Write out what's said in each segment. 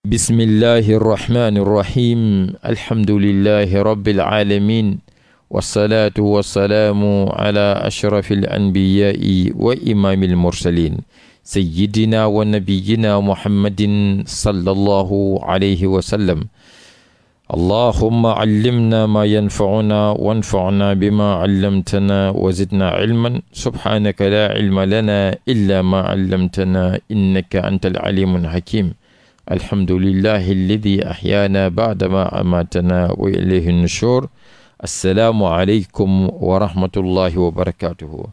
bismillahi irrahmani irrahim alhamdulilahi rabiilalamin walsalaatu walsalaamu ala ashrafi alanbiyaai wa imaami almursalin sayidina wa nabiyina muhammadin sallallahu alayhi wa sallam allahumma callimna maa yanfacuna wanfacna bima callamtana wa zidna cilman subhaanaka laa cilma lana illa maa callamtana innaka anta alcalimu alxakim alhamdulillahi alladi ahyaana baadama amatana wa ilayhi nushur assalaamu aleykum wa rahmatullahi wa barakatuhu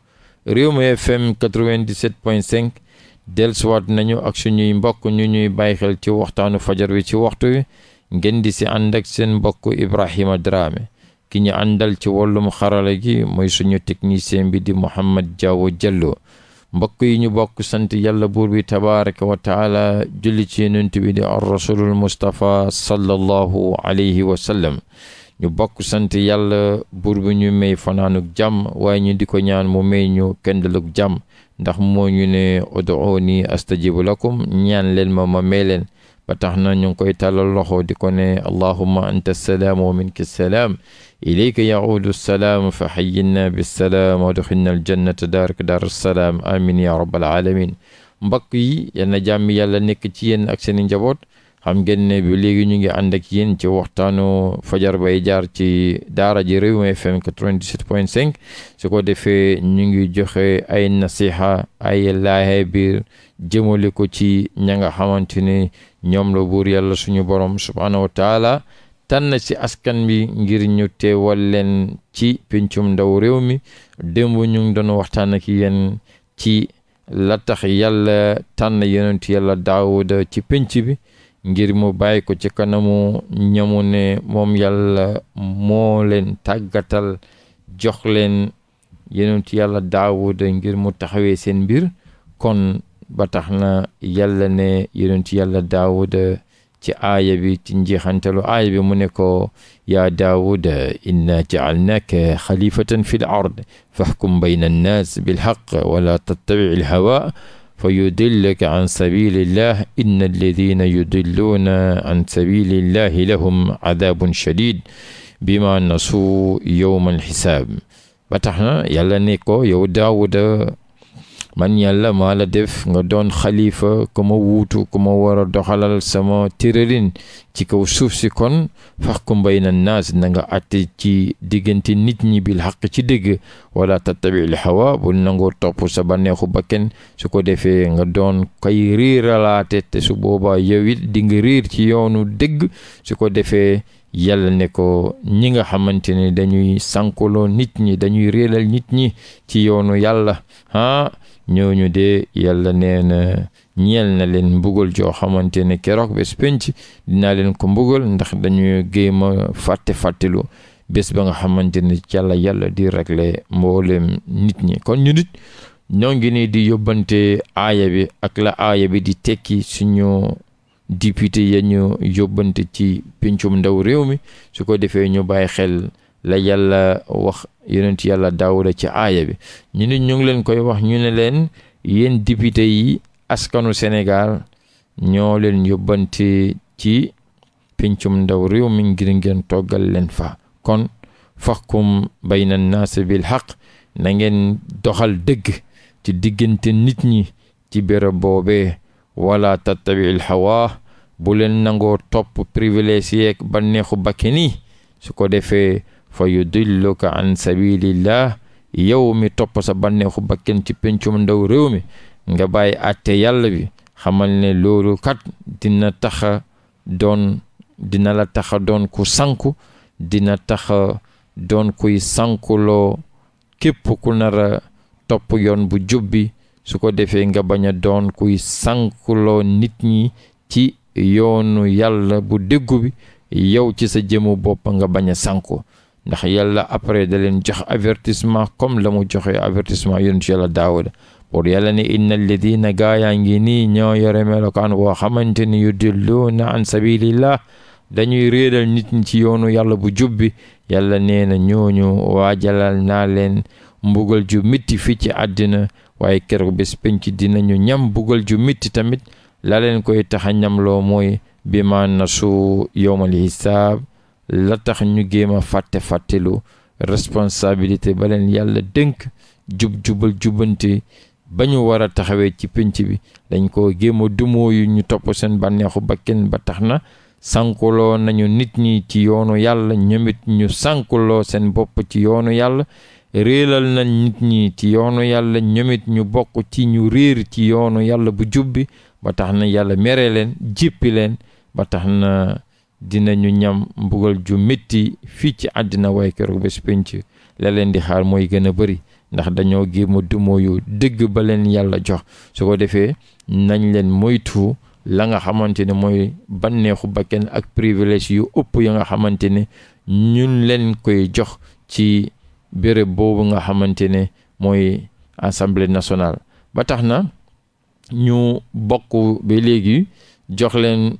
Rewmi FM 97.5 nañu ak suñuy mbokk ñu ñuy bàyyi xel ci waxtaanu fajar wi ci waxtu wi ngeen di si ànd ak seen mbokk Ibrahima Drame ki ñu àndal ci wàllum xarala gi mooy suñu technicien bi di Mouhamed Diawo Diallo mbokk yi ñu bokk sant yàlla buur bi tabaraka wa taala julli ci yonent bi di ar rasulul mustapha sallallahu alayhi wa ñu bokk sant yàlla buur bi ñu may fanaanuk jàmm waaye ñu di ko ñaan mu may ñu kendaluk jàmm ndax moo ñu ne ud'uuni astajibu lakum ñaan leen ma ma may leen ba tax na ñu ngi koy tàllal loxo di ko ne allahuma anta salaam wa minka salaam ilayka yaudu salaam fa xayyinna bisalaam wa doxinna aljannata daarak daar salaam amin ya rabbal alamin mbokk yi yal na jàmm yàlla nekk ci yéen ak seen njaboot xam ngeen ne bi léegi ñu ngi ànd ak yéen ci waxtaanu fajar bay jaar ci daara ji Rewmi FM 97.5 su ko defee ñu ngi joxe ay nasiha ay laaxe biir ko ci ña nga xamante ne ñoom la buur yàlla suñu borom subhaanahu wa taala tànn ci askan bi ngir ñu teewal leen ci pencum ndaw réew mi démb ñu ngi doon waxtaan ak yéen ci la tax yàlla tànn yonentu yàlla daawuda ci pénc bi ngir mu bàyyi ko ci kanamu ñamu ne moom yàlla moo leen tàggatal jox leen yonentu yàlla daawuda ngir mu taxawee seen mbir kon ba tax na yàlla ne yonent yàlla daawuda ci aaya bi ci njeexantalu aaya bi mu ne ko yaa daawuda inna jacalnaaka xalifatan fi l ard faxkum bayna annaas bilxaq wala tattabic ilhawa fa yudillaka an sabilillah inna alladina yudilluuna an sabilillahi lahum cadaabun shadid bima nasuu yowma alxisaab yow daawuda man yàlla maa la def nga doon xalifa ku ma wuutu ku ma war doxalal sama tëralin ci kaw suuf si kon faxkum na naas na nga àtte ci diggante nit ñi bil xaq ci dëgg wala tattabil hawa bu nangoo topp sa bànneexu kenn su ko defee nga doon kay riiralaate te su boobaa yow it dinga riir ci yoonu dëgg su ko defee yàlla ne ko ñi nga xamante ne dañuy sankoloo nit ñi dañuy réelal nit ñi ci yoonu yàlla ah ñooñu de yàlla nee na ñeel na leen mbugal joo xamante ne keroog bés penc dinaa leen ko mbugal ndax dañuy géema fàtte fàttelu bés ba nga xamante ni ca la yàlla di régler mboolem nit ñi kon ñu nit ñoo ngi nii di yóbbante aaya bi ak la aaya bi di tekki suñu député yañu ñu yóbbante ci pincum ndaw réew mi su ko defee ñu bàyyi xel la yàlla wax yonent yàlla daawuda ci aaya bi ñu ne ñu ngi leen koy wax ñu ne leen yéen député yi askanu Sénégal ñoo leen yóbbante ci pincum ndaw réew mi ngir ngeen toggal leen fa kon faxkum bayna naas bil xaq na ngeen doxal dëgg ci diggante nit ñi ci béréb boobe wala tattabiil hawa bu leen nangoo topp privilège yeeg banneexu bakki nii su ko defee fa yudilluka an sabilillah yow mi topp sa bànneexu bakken ci pencum ndaw réew mi nga bàyyi àtte yàlla bi xamal ne loolu kat dina tax doon dina la taxa doon ku sanku dina tax doon kuy sankuloo képp ku nar a topp yoon bu jubbi su ko defee nga bañ a doon kuy sankuloo nit ñi ci yoonu yàlla bu déggu bi yow ci sa jëmu bopp nga bañ a sanku ndax yàlla après da leen jox avertissement comme la mu joxee avertissement yonent yàlla daawuda pour yàlla ne inna alladina gaayaa ngi nii ñoo yore melokaan woo xamante ni yu na an sabilillah dañuy réeral nit ñi ci yoonu yàlla bu jubbi yàlla nee na ñooñu waajalal naa leen mbugal ju mitti fii ci àddina waaye keroog bés penc dinañu ñam mbugal ju mitti tamit la leen koy tax a ñamloo mooy bi ma nasu yowmal hisaab la tax ñu géem a fàtte fàttelu responsabilité ba leen yàlla dënk jub-jubal jubante ba ñu war a taxawee ci pénc bi dañ ko géem a dumoo yu ñu topp seen bànneexu kenn ba tax na sànkuloo nañu nit ñi ci yoonu yàlla ñoomit ñu sànkuloo seen bopp ci yoonu yàlla réelal nañ nit ñi ci yoonu yàlla ñoomit ñu bokk ci ñu réer ci yoonu yàlla bu jubbi ba tax na yàlla mere leen jéppi leen ba tax na dina ñu ñam mbugal ju métti fii ci àddina waaye keroog bés pénc la leen di xaar mooy gën a bëri ndax dañoo dumo yu dëgg ba leen yàlla jox su ko defee nañ leen moytu la nga xamante ne mooy banneexu kenn ak privilège yu ëpp ya nga xamante ne ñun leen koy jox ci béréb boobu nga xamante ne mooy assemblée national ba tax na ñu bokk ba léegi jox leen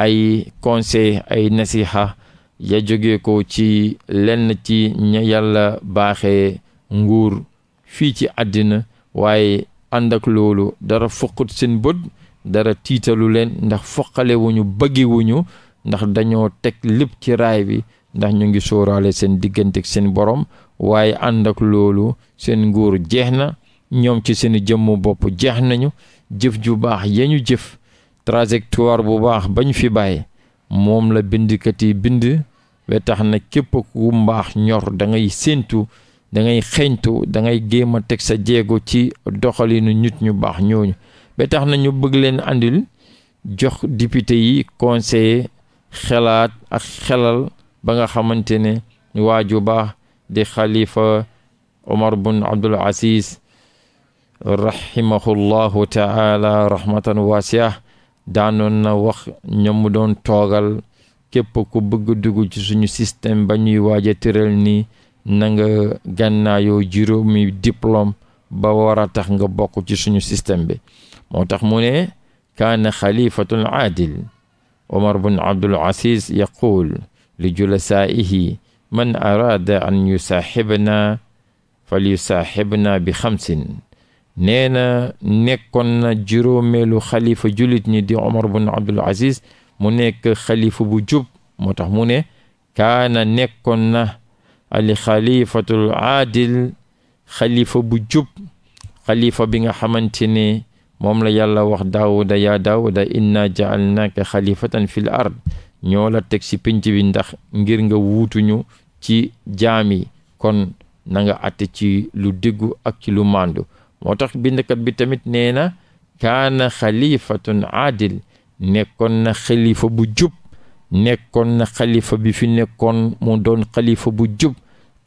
ay conseil ay nasiixa ya jóge ko ci lenn ci ña yàlla baaxe nguur fii ci àddina waaye ànd ak loolu dara foqut seen bët dara tiitalu leen ndax foqalewuñu wuñu ndax dañoo teg lépp ci raay bi ndax ñu ngi sóoraale seen diggante ak seen borom waaye ànd ak loolu seen nguur jeex na ñoom ci seen jëmm bopp jeex nañu jëf ju baax ya jëf trajectoire bu baax bañ fi bàyyi moom la bindkat yi bind ba tax na képp ku mbaax ñor dangay séentu dangay ngay xeeñtu da ngay géem a teg sa jéego ci doxalinu nit ñu baax ñooñu ba tax na ñu bëgg leen andil jox député yi conseiller xelaat ak xelal ba nga xamante ne waa ju baax di xalifa Omar bun Abdul Aziz rahimahullahu taala rahmatan waasiah daanoon na wax ñoom doon toogal képp ku bëgg dugg ci suñu système ba ñuy waaj a tëral nii na nga gànnaayoo juróomi diplôme ba war a tax nga bokk ci suñu système bi moo tax mu ne kaana xalifatul aadil omar bun abdul aziz yaquul li julasaa'ihi man araada an yusaaxibna fal yusaaxibna bi xamsin nee na nekkoon na juróomeelu xalifa jullit ñi di omar bun abdul aziz mu nekk xalifa bu jub moo tax mu ne kaana nekkoon na ali aadil xalifa bu jub xalifa bi nga xamante ne moom la yàlla wax daawuda yaa daawuda inna jaalnaaka xalifatan fil ard ñoo la teg ci pénc bi ndax ngir nga wuutuñu ci jaam yi kon nanga nga àtte ci lu déggu ak ci lu màndu moo tax bindkat bi tamit nee na kaana xalifatun aadil nekkoon na xalifa bu jub nekkoon na xalifa bi fi nekkoon mu doon xalifa bu jub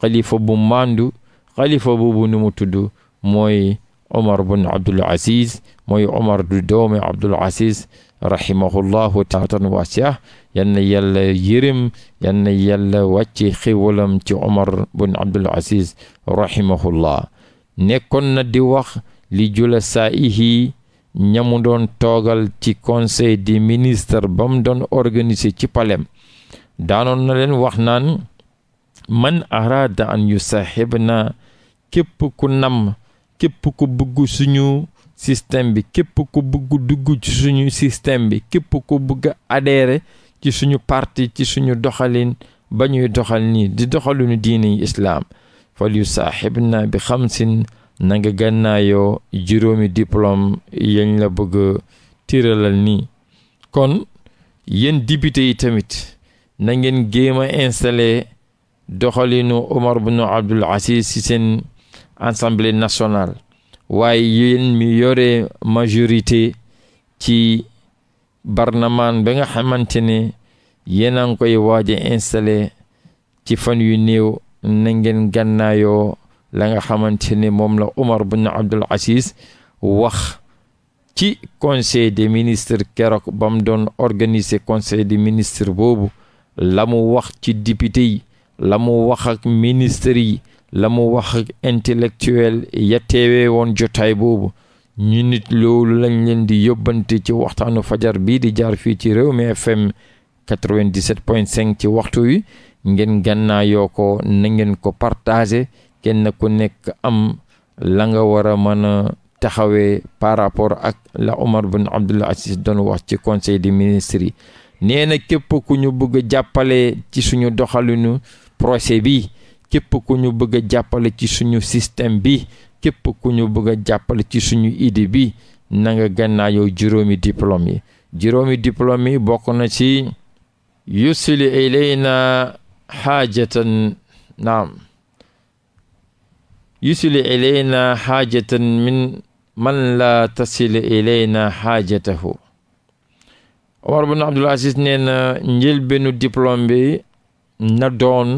xalifa bu màndu xalifa boobu nu mu tudd mooy omar bun abdul aziz mooy omar du doomi abdul aziz rahimahullahu taatan waasiah yal na yàlla yërëm yal na yàlla wàcce xéwalam ci omar bun abdul aziz rahimahullah nekkoon na di wax li jula sa ihi ñamu doon toogal ci conseil di ministres ba mu doon organiser ci palem daanoon na leen wax naan man araada an yu saaxib na képp ku nam képp ku bëgg suñu système bi képp ku bëgg dugg ci suñu système bi képp ku bëgg adhérer ci suñu parti ci suñu doxalin ba ñuy doxal nii di doxaluñu diini islaam fal yu saaxib na bi xam na nanga gànnaayoo juróomi diplôme yañ la bëgg tiralal nii kon yéen député yi tamit na ngeen géem a installé doxalinu Omar bin Abdul ci seen assemblée nationale waaye yéen mi yore majorité ci barnamaan ba nga xamante ne yéen a ngi koy waaj a ci fan yu néew na ngeen gànnaayoo la nga xamante ni moom la Omar bin Abdul Aziz wax ci conseil des ministres keroog ba mu doon organiser conseil des ministres boobu la mu wax ci député yi la mu wax ak ministres yi la mu wax ak intellectuel ya teewee woon jotaay boobu ñu nit loolu lañ leen di yóbbante ci waxtaanu fajar bii di jaar fii ci réew Rewmi FM 97.5 ci waxtu wi ngeen gànnaayoo ko na ngeen ko partager kenn ku nekk am la nga war a mën a taxawee par rapport ak la Omar bin Abdullah Aziz doon wax ci conseil di ministres yi nee na képp ku ñu bëgg jàppale ci suñu doxalinu procès bi képp ku ñu bëgg a jàppale ci suñu système bi képp ku ñu bëgg a jàppale ci suñu idée bi na nga gànnaayoo juróomi diplôme yi juróomi diplôme yi bokk na ci yusli ilayna xaajatan naam yusili ilayna xaajatan min man laa tasil ilayna xaajatahu Omar bin Abdul Aziz nee na njëlbéenu diplôme bi na doon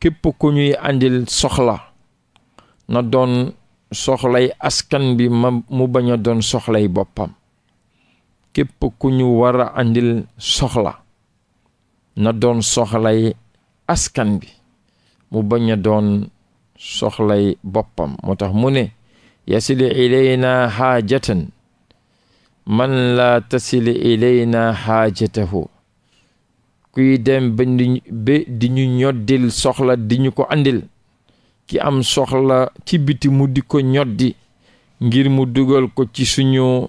képp ku ñuy àndil soxla na doon soxlay askan bi mu bañ a doon soxlay boppam képp ku ñu war a soxla na doon soxlay askan bi mu bañ a doon soxlay boppam moo tax mu ne yasili ilayna haajatan man laa tasili ilayna haajatahu kuy dem ba di ñu ñoddil soxla di ñu ko andil ki am soxla ci biti mu di ko ñoddi ngir mu dugal ko ci suñu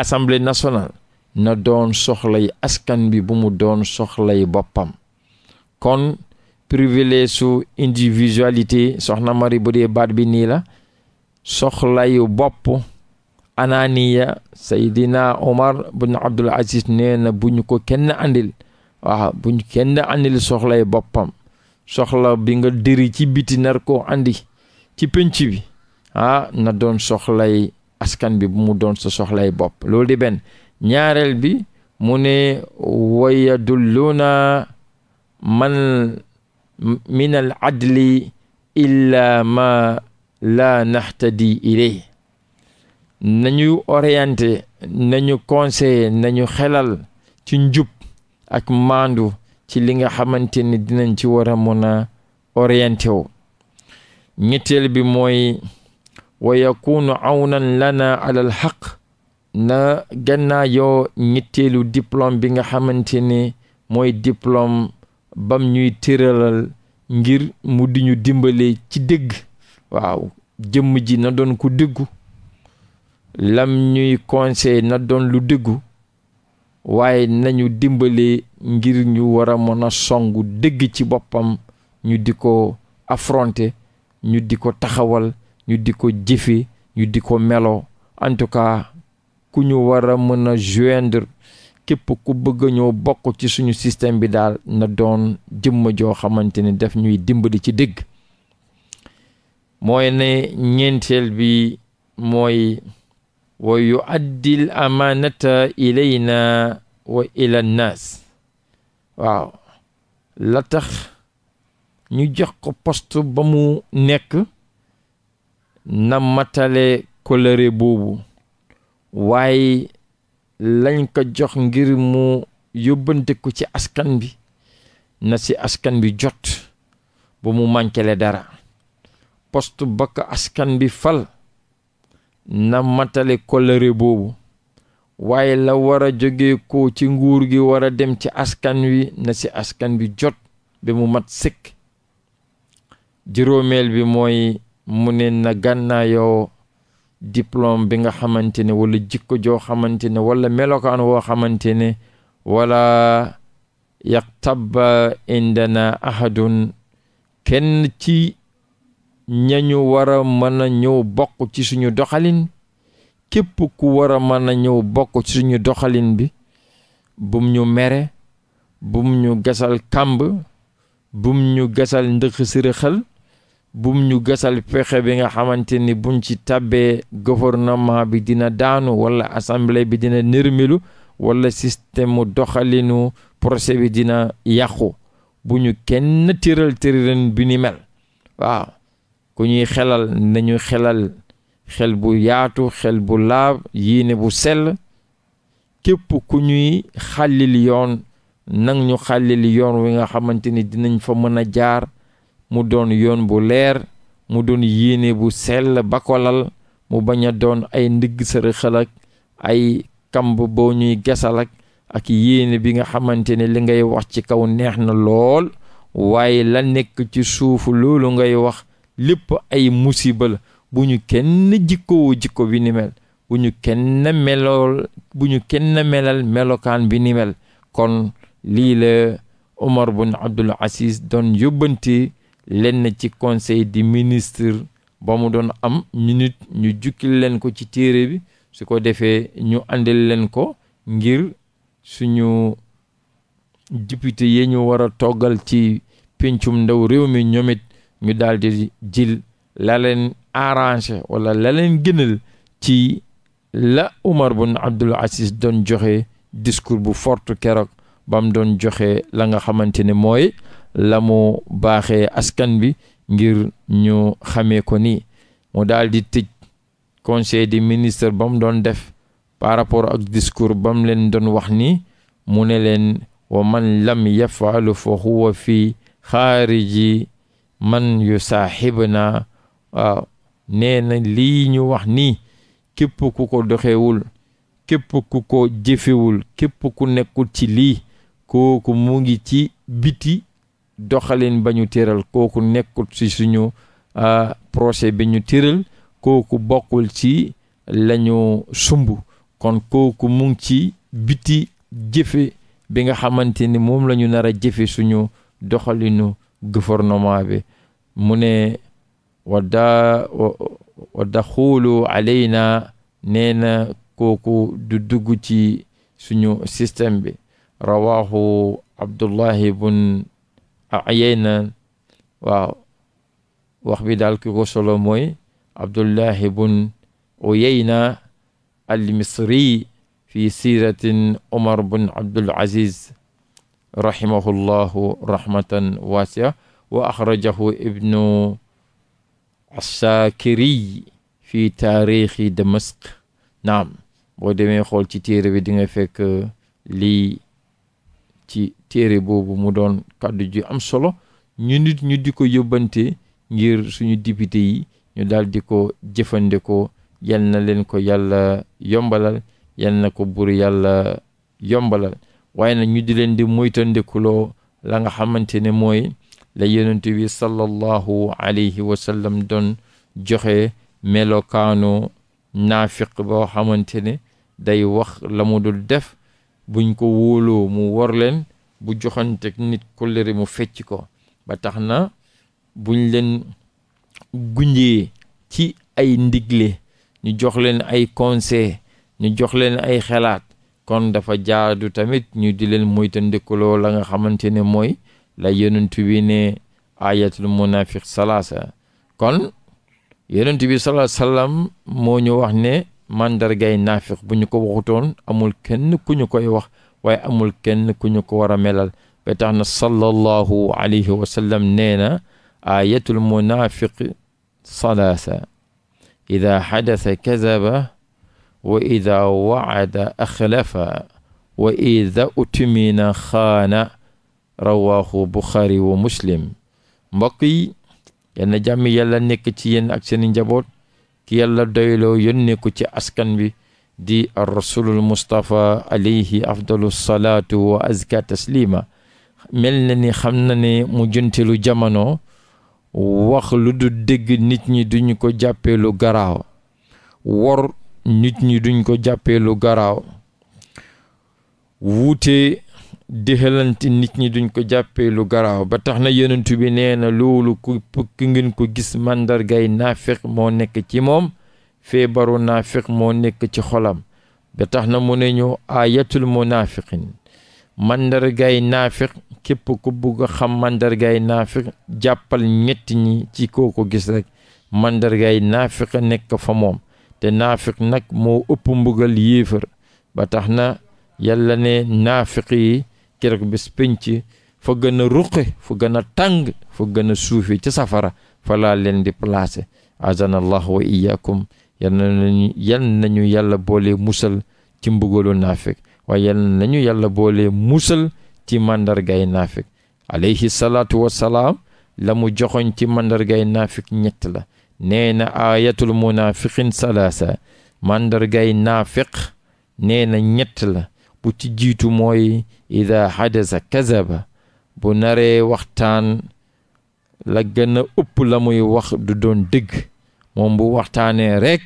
assemblée nationale na doon soxlay askan bi bu mu doon soxlay boppam kon privilège su individualité soxna mari bu dee baat bi nii la soxlayu bopp anaaniya Seydina Omar bin Abdul Aziz nee na bu ñu ko kenn andil waaw bu ñu kenn andil soxlay boppam soxla bi nga dëri ci biti nar koo andi ci pénc bi ah na doon soxlay askan bi bu mu doon sa soxlay bopp loolu di benn ñaareel bi mu ne wayadulluuna man min al adli illa ma la nahtadi ilay nañu orienté nañu conseillé nañu xelal ci njub ak maandu ci li nga xamante ni dinañ ci war a mën a orienté wu ñetteel bi mooy wa yakunu awnan lana ala al na gannaayoo ñetteelu diplôme bi nga xamante ni mooy diplôme bam ñuy tëralal ngir mu di ñu dimbale ci dégg waaw jëmm ji na doon ko dëggu lam ñuy conseil na doon lu déggu waaye nañu dimbale ngir ñu war a mën a songu dégg ci boppam ñu di ko afronte ñu di ko taxawal ñu di ko jëfe ñu di ko melo en ku ñu war a mën a képp ku bëgg ñoo bokk ci suñu système bi daal na doon jëmm joo xamante ni daf ñuy dimbali ci dégg mooy ne ñeenteel bi mooy wa yu addil amaanata ilayna wa ila nnaas waaw la tax ñu jox ko post ba mu nekk na matale kolëre boobu waaye lañ ko jox ngir mu yóbbante ko ci askan bi na ci askan bi jot ba mu mànkele dara post ba ko askan bi fal na matale kolëre boobu waaye la war a jóge ko ci nguur gi war a dem ci askan wi na si askan bi jot bi mu mat sëkk juróomeel bi mooy mu ne na gànnaayoo diplôme bi nga xamante ne wala jikko joo xamante ne walla melokaan woo xamante ne wala yaqtabba indana ahadun kenn ci ñañu war a mën a ñëw bokk ci suñu doxalin képp ku war a mën a ñëw bokk ci suñu doxalin bi bum ñu mere bum ñu gasal kàmb bum ñu gasal ndëx sërëxal bu ñu gasal pexe bi nga xamante ni buñ ci tàbbee gouvernement bi dina daanu wala assemblée bi dina nërmilu wala système mu doxalinu procès bi dina yàqu bu ñu kenn tiral tëriran bi ni mel waaw ku ñuy xelal nañu xelal xel bu yaatu xel bu laab yiine bu sell képp ku ñuy xàllil yoon nang ñu xàllil yoon wi nga xamante ni dinañ fa mën a jaar mu doon yoon bu leer mu doon yéene bu sell ba ko lal mu bañ a doon ay ndigg sërëxal ak ay kamb boo ñuy gasal ak ak yéene bi nga xamante ne li ngay wax ci kaw neex na lool waaye la nekk ci suufu loolu ngay wax lépp ay musiba la bu ñu kenn jikkoo jikko bi ni mel bu ñu kenn melal melokaan bi ni mel kon lii la Omar bun Abdul Aziz doon yóbbanti lenn ci conseil di ministres ba mu doon am ñu nit ñu jukkil leen ko ci téere bi su ko defee ñu àndil leen ko ngir suñu député yi ñu war a toggal ci pencum ndaw réew mi ñoom it ñu daldi di jil la leen arrangé wala la leen gënal ci la Umar bun Abdul Aziz doon joxe discours bu fort keroog ba mu doon joxe la nga xamante ne mooy lamu mu baaxee askan bi ngir ñu xamee ko nii mu daal tëj conseil de ministres ba mu doon def par rapport ak discours ba mu leen doon wax ni mu ne leen wa man lam yafalu fa huwa fii xaariji man yu saaxibna waaw nee na lii ñu wax ni képp ku ko doxewul képp ku ko jëfewul képp ku nekkul ci lii kooku mu ngi ci biti doxalin ba ñu tëral kooku nekkul ci suñu euh, projet bi ñu tëral kooku bokkul ci lañu sumb kon kooku mu ci biti jëfe bi nga xamante ni moom lañu ñu nar a jëfe suñu doxalinu gouvernement bi mu ne wadda wadda xuulu aleyna nee na kooku du dugg ci suñu système bi rawahu abdullahi bun ayeyna waaw wax bi daal ki solo mooy abdullahi bun uyeyna almisri fi siratin omar bun abdul aziz rahimahullahu rahmatan waasia wa axrajahu ibnu assaakiri fi taarixi damask naam boo demee ci téere bi di fekk lii ci téere boobu mu doon kàddu ju am solo ñu nit ñu di ko yóbbante ngir suñu député yi ñu daal ko jëfandikoo yal na leen ko yàlla yombalal yal na ko buur yàlla yombalal waaye na ñu di leen di moytandikuloo la nga xamante ne mooy la yonent bi sallallahu alayhi wa sallam doon joxe melokaanu naafiq boo xamante ne day wax la mu dul def bu ñu ko wóoloo mu wor bu joxante nit kóllëre mu fecc ko ba tax na buñ leen gunjee ci ay ndigle ñu jox leen ay conseil ñu jox leen ay xalaat kon dafa jaadu tamit ñu di leen moytandikuloo la nga xamante ne mooy la yonent bi ne ayatul munafiq salaasa kon yonent bi salaa moo ñu wax ne màndargay naafiq bu ñu ko waxutoon amul kenn ku ñu koy wax waaye amul kenn ku ñu ko war a melal ba tax na sallallahu alayhi wa sallam nee na ayatul munaafiq salaasa ida xadasa kazaba wa ida wacada axlafa wa ida utumina xaana rawaahu buxaari wa muslim mbokk yi yenn jàmm yàlla nekk ci yéen ak seen njaboot ki yàlla doyloo yónne ko ci askan bi di ar rasulul mustapha alayhi afdalu salaatu wa azka taslima mel na ni xam na ni mu juntelu jamono wax lu du dégg nit ñi duñ ko jàppee lu garaaw wor nit ñi duñ ko jàppee lu garaaw wuute di nit ñi duñ ko jàppee lu garaaw ba tax na yonent bi nee na loolu ku ku ngeen ko gis màndargay naafiq moo nekk ci moom feebaru naafiq moo nekk ci xolam ba tax na mu ne ñu ayatul munafiqin màndargay naafiq képp ku bugg a xam màndargay naafiq jàppal ñett ñi ci koo ko gis rek màndargay naafiq nekk fa moom te naafiq nag moo ëpp mbugal yéefar ba tax na yàlla ne naafiq yi keroog bés penc fa gën a ruqe fa gën a tàng fa gën a suufi ca safara fa leen di placé azanallahu wa iyaakum yal nañu yal nañu yàlla boole musal ci mbugalu naafik waaye yal nañu yàlla boole musal ci màndargay naafik alayhi salaatu la mu joxoñ ci màndargay naafik ñett la nee na aayatul munafiqin salaasa màndargay naafiq nee na ñett la bu ci jiitu mooy ida kese ba bu naree waxtaan la gën a ëpp la muy wax du doon dégg moom bu waxtaanee rekk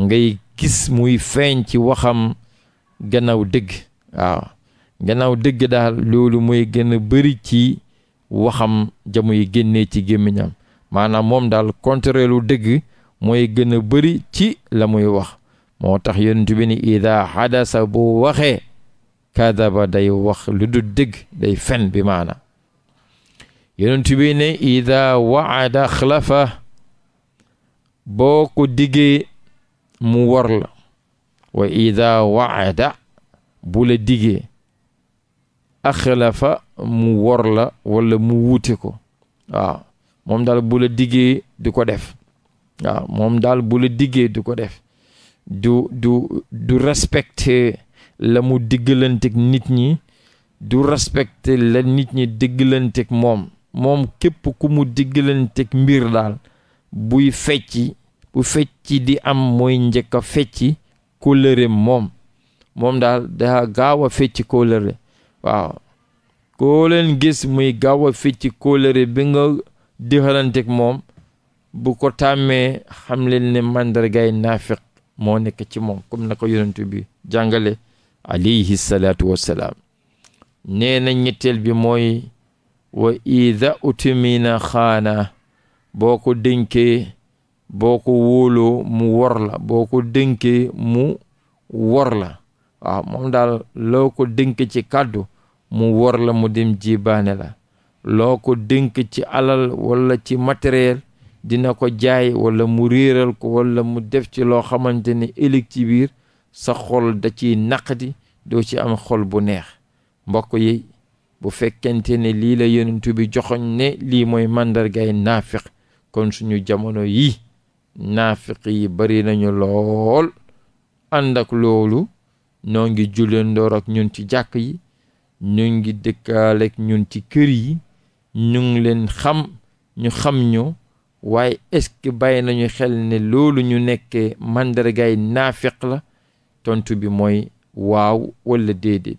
ngay gis muy feeñ ci waxam gannaaw dëgg waaw gannaaw dëgg daal loolu mooy gën a ci waxam yi génne ci gémmiñam maanaam moom daal contraire lu mooy gën a ci la muy wax moo tax yonent bi ni ida xadasa bu waxee kadaba day wax lu du dëgg day fen bi maana yonent bi ne ida waada xlafa boo ko diggee mu war la wa ida waada bu la diggee axlafa mu wor la mu wuute ko waaw moom daal bu diggee du ko def waaw moom daal bu diggee du ko def du du la mu diggalanteeg nit ñi du respecter la nit ñi diggalanteeg moom moom képp ku mu diggalanteeg mbir daal buy fecc bu fecci di am mooy njëkk a fecci kóllëre moom moom daal daa gaaw a fecc kóllëre waaw koo gis muy gaaw a fecci kóllëre bi nga diggalanteeg moom bu ko tàmmee xam leen ne mandargay naafiq moo nekk ci moom comme na ko yonent bi jàngale alayhi salaatu wassalaam nee ñetteel bi mooy wa ida utumina xaana boo ko dénkee boo ko wóoloo mu wor boo ko dénkee mu wor la moom daal loo ko dénk ci kàddu mu wor la mu dem jibaane la loo ko dénk ci alal walla ci matériel dina ko jaay wala mu réeral ko wala mu def ci loo xamante ne ëllëg ci biir sa xol da ciy naqdi doo ci am xol bu neex mbokk yi bu fekkente ne lii la yonent bi joxoñ ne lii mooy màndargay naafiq kon suñu jamono yi naafiq yi bari nañu lool ànd ak loolu ñoo ngi jullendoor ak ñun ci jàkk yi ñu ngi dëkkaale ak ñun ci kër yi ñu ngi leen xam ñu xam ñu waaye est-ce que bàyyi nañu xel ne loolu ñu nekkee màndargaay naafiq la tontu bi mooy waaw walla déedéet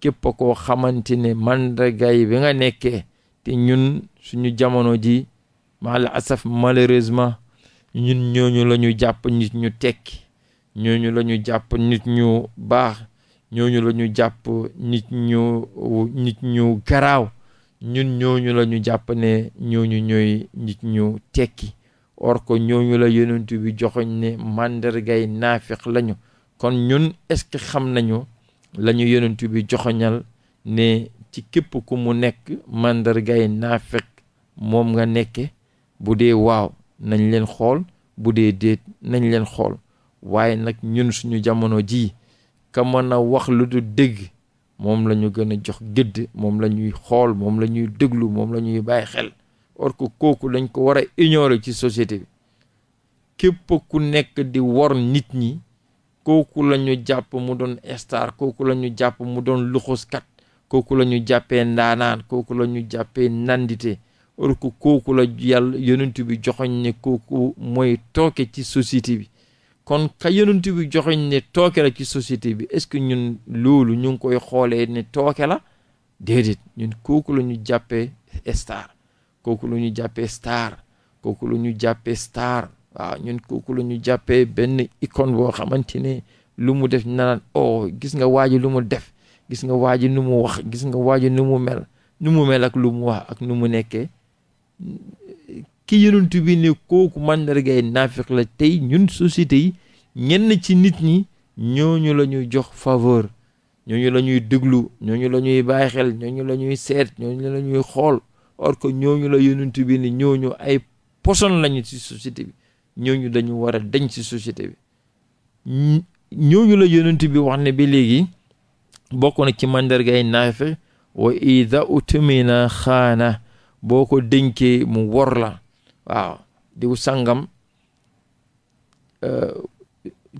képp koo xamante ne màndargaay bi nga nekkee te ñun suñu jamono ji mal asaf malheureusement ñun ñooñu la ñu jàpp nit ñu tekki ñooñu la ñu jàpp nit ñu baax ñooñu la ñu jàpp nit ñu nit ñu garaaw ñun ñooñu la ñu jàpp ne ñooñu ñooy nit ñu tekki or ko ñooñu la yonent bi joxoñ ne màndargay naafiq lañu kon ñun est-ce que xam nañu la ñu bi joxoñal ne ci képp ku mu nekk màndargay naafiq moom nga nekke bu dee waaw nañ leen xool bu dee déet nañ leen xool waaye nag ñun suñu jamono ji ka mën a wax lu du dégg moom la ñu gën a jox gëdd moom la ñuy xool moom la ñuy déglu moom lañuy ñuy bàyyi xel or que kooku dañ ko war a ignorer ci société bi képp ku nekk di wor nit ñi kooku lañu jàpp mu doon star kooku la ñu jàpp mu doon luxuskat kooku la ñu jàppee ndaanaan kooku la ñu jàppee nandite or que kooku la yàlla yonent bi joxoñ ne kooku mooy tooke ci société bi kon ka yonent bi joxeñ ne tooke la ci société bi est-ce que ñun loolu ñu ngi koy xoolee ne tooke la déedéet ñun kooku la ñu jàppee star kooku la ñu jàppee star kooku la ñu jàppee star waaw ñun kooku la ñu jàppee benn icône boo xamante ne lu mu def nanaan oh gis nga waaji lu mu def gis nga waaji nu mu wax gis nga waaji nu mu mel nu mu mel ak lu mu wax ak nu mu nekkee ki yonent bi ni kooku mandargay naafiq la tey ñun société yi ñenn ci nit ñi ñooñu la ñuy jox faveur ñooñu la ñuy déglu ñooñu la ñuy bàyyi xel ñooñu la ñuy seet ñoo la ñuy xool or que ñooñu la yonent bi ni ñu ay poson lañu ci société bi ñooñu dañu war a deñ ci société bi ñooñu la yonent bi wax ne bi léegi bokk na ci màndargay naafe wa ida utumina xaana boo ko dénkee mu wor la waaw diw sàngam euh,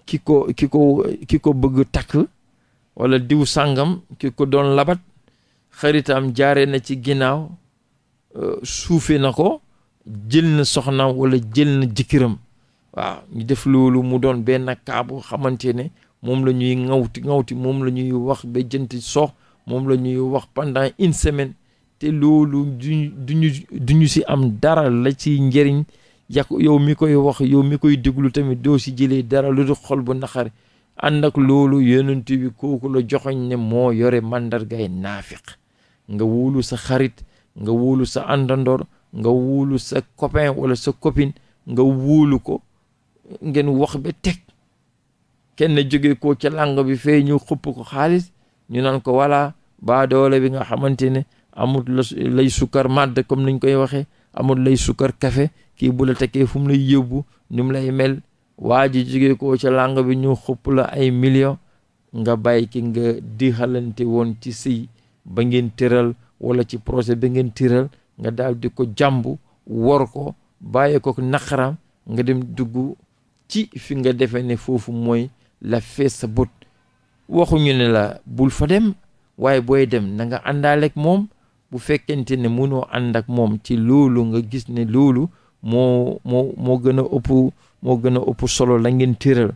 ki ko ki ko ki ko bëgg takk wala diw sàngam ki ko doon labat xaritam jaare na ci ginnaaw euh, suufe na ko jël na soxnaam walla jël na jëkkëram waaw ñu def loolu mu doon benn kaa xamante ne moom la ñuy ŋawti ŋawti moom lañuy wax ba jënt moom la ñuy wax pendant une semaine te loolu duñu duñu du ñu si am dara la ci njëriñ yàq yow mi koy wax yow mi koy diglu tamit doo si jëlee dara lu du xol bu naqari ànd ak loolu yonent bi kooku la joxoñ ne moo yore màndargay naafiq nga wóolu sa xarit nga wóolu sa àndandoor nga wóolu sa copain wala sa copine nga wóolu ko ngeen wax ba teg kenn jóge ko ca làng bi fee ñu xëpp ko xaalis ñu nan ko wala baa doole bi nga xamante ne amul lay sukkar màdd comme niñ koy waxee amul lay sukkar kafe kii bu la tekkee fu la lay yóbbu ni lay mel waa ji jógee ko ca làng bi ñu xëpp la ay million nga bàyyi ki nga di xalante woon ci sëy ba ngeen tëral wala ci projet ba ngeen tëral nga daal di ko jàmb war ko bàyyi ko naqaram nga dem dugg ci fi nga defe ne foofu mooy la fees sa bët waxuñu ne la bul fa dem waaye booy dem na nga àndaaleeg moom bu fekkente ne mënoo ànd ak moom ci loolu nga gis ne loolu moo moo moo gën a ëpp moo gën a ëpp solo la ngeen téral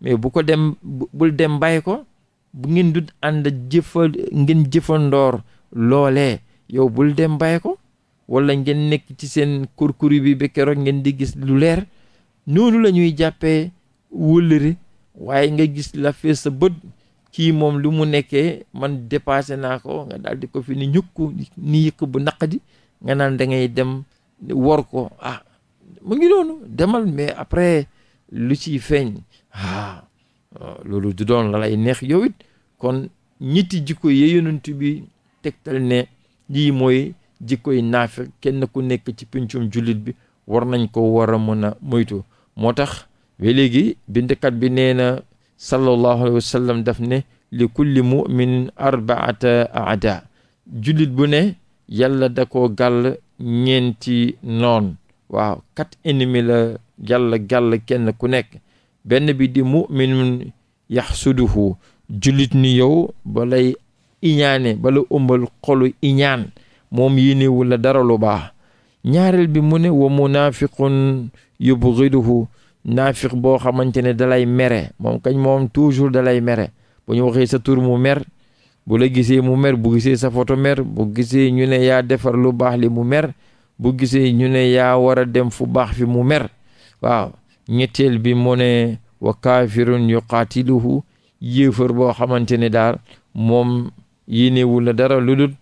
mais bu ko dem bul dem bàyyi ko bu ngeen du ànd jëfa ngeen jëfandoor loole yow bul dem bàyyi ko wala ngeen nekk ci seen kurkuri bi ba keroog ngeen di gis lu leer noonu lañuy jàppee wëllëre waaye nga gis la sa bët kii moom lu mu nekkee man dépassé naa ko nga daal di ko fi ni ñukk ni yëkk bu naq di nga naan da ngay dem war ko ah mu ngi noonu demal mais après lu ciy feeñ ah loolu du doon la neex yow kon ñitti jikko yee yonent bi tegtal ne lii mooy jikkoy naafiq kenn ku nekk ci pencum jullit bi war nañ ko war a mën moytu moo tax ba léegi bindkat bi nee na sallallahu alayhi daf ne li kulli muminin arbaata aada jullit bu ne yàlla da koo gàll ñeenti noon waaw quatre ennemis la gàll gàll kenn ku nekk benn bi di muminun yaxsuduhu jullit ni yow balay iñaane bala ëmbal xolu iñaan moom yéenewul la dara lu baax ñaareel bi mu ne wa munaafiqun yubghiduhu naafiq boo xamante ne dalay mere moom kañ moom toujours dalay mere bu ñu waxee sa tur mu mer bu la gisee mu mer bu gisee sa photo mer bu gisee ñu ne yaa defar lu baax li mu mer bu gisee ñu ne yaa war a dem fu baax fi mu mer waaw ñetteel bi mu ne wa kaafirun yuqaatiluhu yéefar boo xamante ne daal moom yéenewul la dara lu dul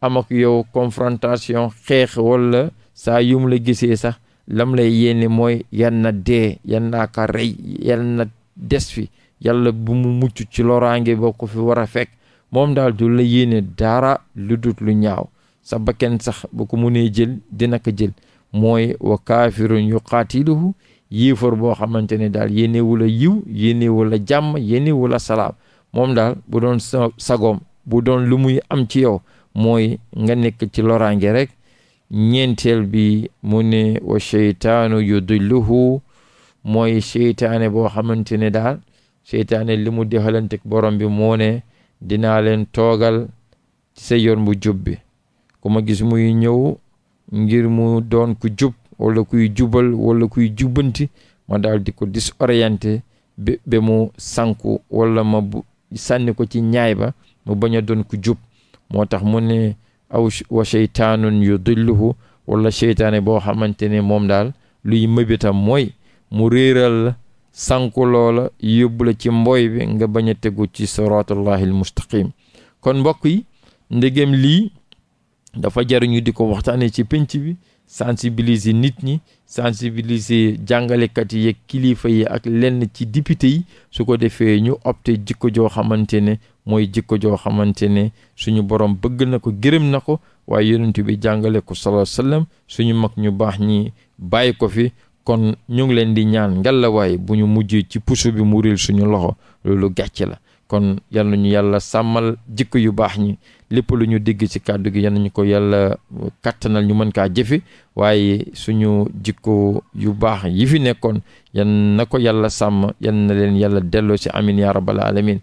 am ak yow confrontation xeex wala saa yum la gisee sax lam lay yéene mooy yal na dee yal ka rey yal des fi yàlla bu mu mucc ci loraange boo ko fi war a fekk moom daal du la yéene dara lu dut lu ñaaw sa bakken sax bu ko munee jël dina ko jël mooy wa kaafirun yuqaatiluhu yéefar boo xamante ne daal yéenewu la yiw yéenewu la jàmm yéenewu la salaam moom daal bu doon sa sagoom bu doon lu muy am ci yow mooy nga nekk ci loraange rekk ñeenteel bi mu ne wa cheytaanu yudilluhu mooy cheytaane boo xamante ne daal cheytaane li mu dexalantek borom bi moo ne dinaa leen toogal ci sa yoon bu jub bi ku ma gis muy ñëw ngir mu doon ku jub wala kuy jubal walla kuy jubbanti ma daldi di ko disorienté be mu sànku wala ma sànni ko ci ñaay ba mu bañ a doon ko jub moo tax mu ne aw wa cheytaanun yudilluhu wala cheytaane boo xamante ne moom daal luy mëbitam mooy mu réeral la sànku loola yóbbu la ci mbooy bi nga bañ a tegu ci siratullahi al mustaqim kon mbokk yi ndegem lii dafa jariñu di ko waxtaanee ci pénc bi sensibiliser nit ñi sensibiliser jàngalekat yi kilifa yi ak lenn ci député yi su ko defee ñu opte jikko joo xamante ne mooy jikko joo xamante ne suñu borom bëgg na ko gërëm na ko waaye yonent bi jàngale ko sallallahu alayhi suñu mag ñu baax ñi bàyyi ko fi kon ñu ngi leen di ñaan ngelawaay bu ñu mujj ci puso bi mu suñu loxo lu gàcce la kon yal nañu yàlla sàmmal jikk yu baax ñi lépp lu ñu digg ci kàddu gi yal nañu ko yàlla kàttanal ñu mën kaa jëfe waaye suñu jikko yu baax yi fi nekkoon yan na ko yàlla sàmm yan na leen yàlla delloo ci amin ya rabbal alamin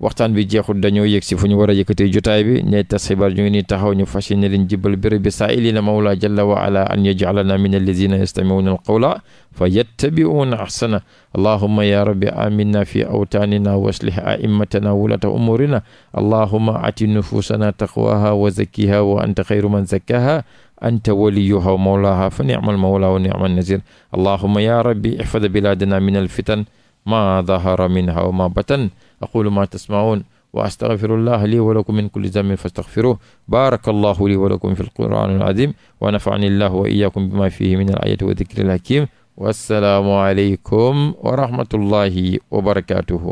waxtaan bi jeexul dañoo yëg si fu ñu war a yëkkatee jotaay bi ñay tas xibaar ñu ngi nii taxaw ñu fas yéene leen jibbal béréb bi saa ilina mawla jalla wa ala an yajalana min allazina yastamiuna alqawla fa yattabiuna ahsana allahuma ya rabbi aminna fi awtaanina wa aslih aimmatana wulata umurina allahuma ati nufusana taqwaha wa zakkiha wa anta xayru man zakkaha anta waliyuha wa mawlaha fa ni'mal mawla wa ni'man nasir allahuma ya rabbi ihfad biladana min alfitan ma dahara minha wa ma batan aqulu ma tasmaun wa astaghfirullah li wa lakum min kulli dhanbin fastaghfiruh barakallahu li wa lakum fil qur'anil azim wa nafa'ani llahu wa iyyakum bima fihi min al ayati wa dhikril hakim wassalaamu aleykum wa rahmatullahi wa barakatuhu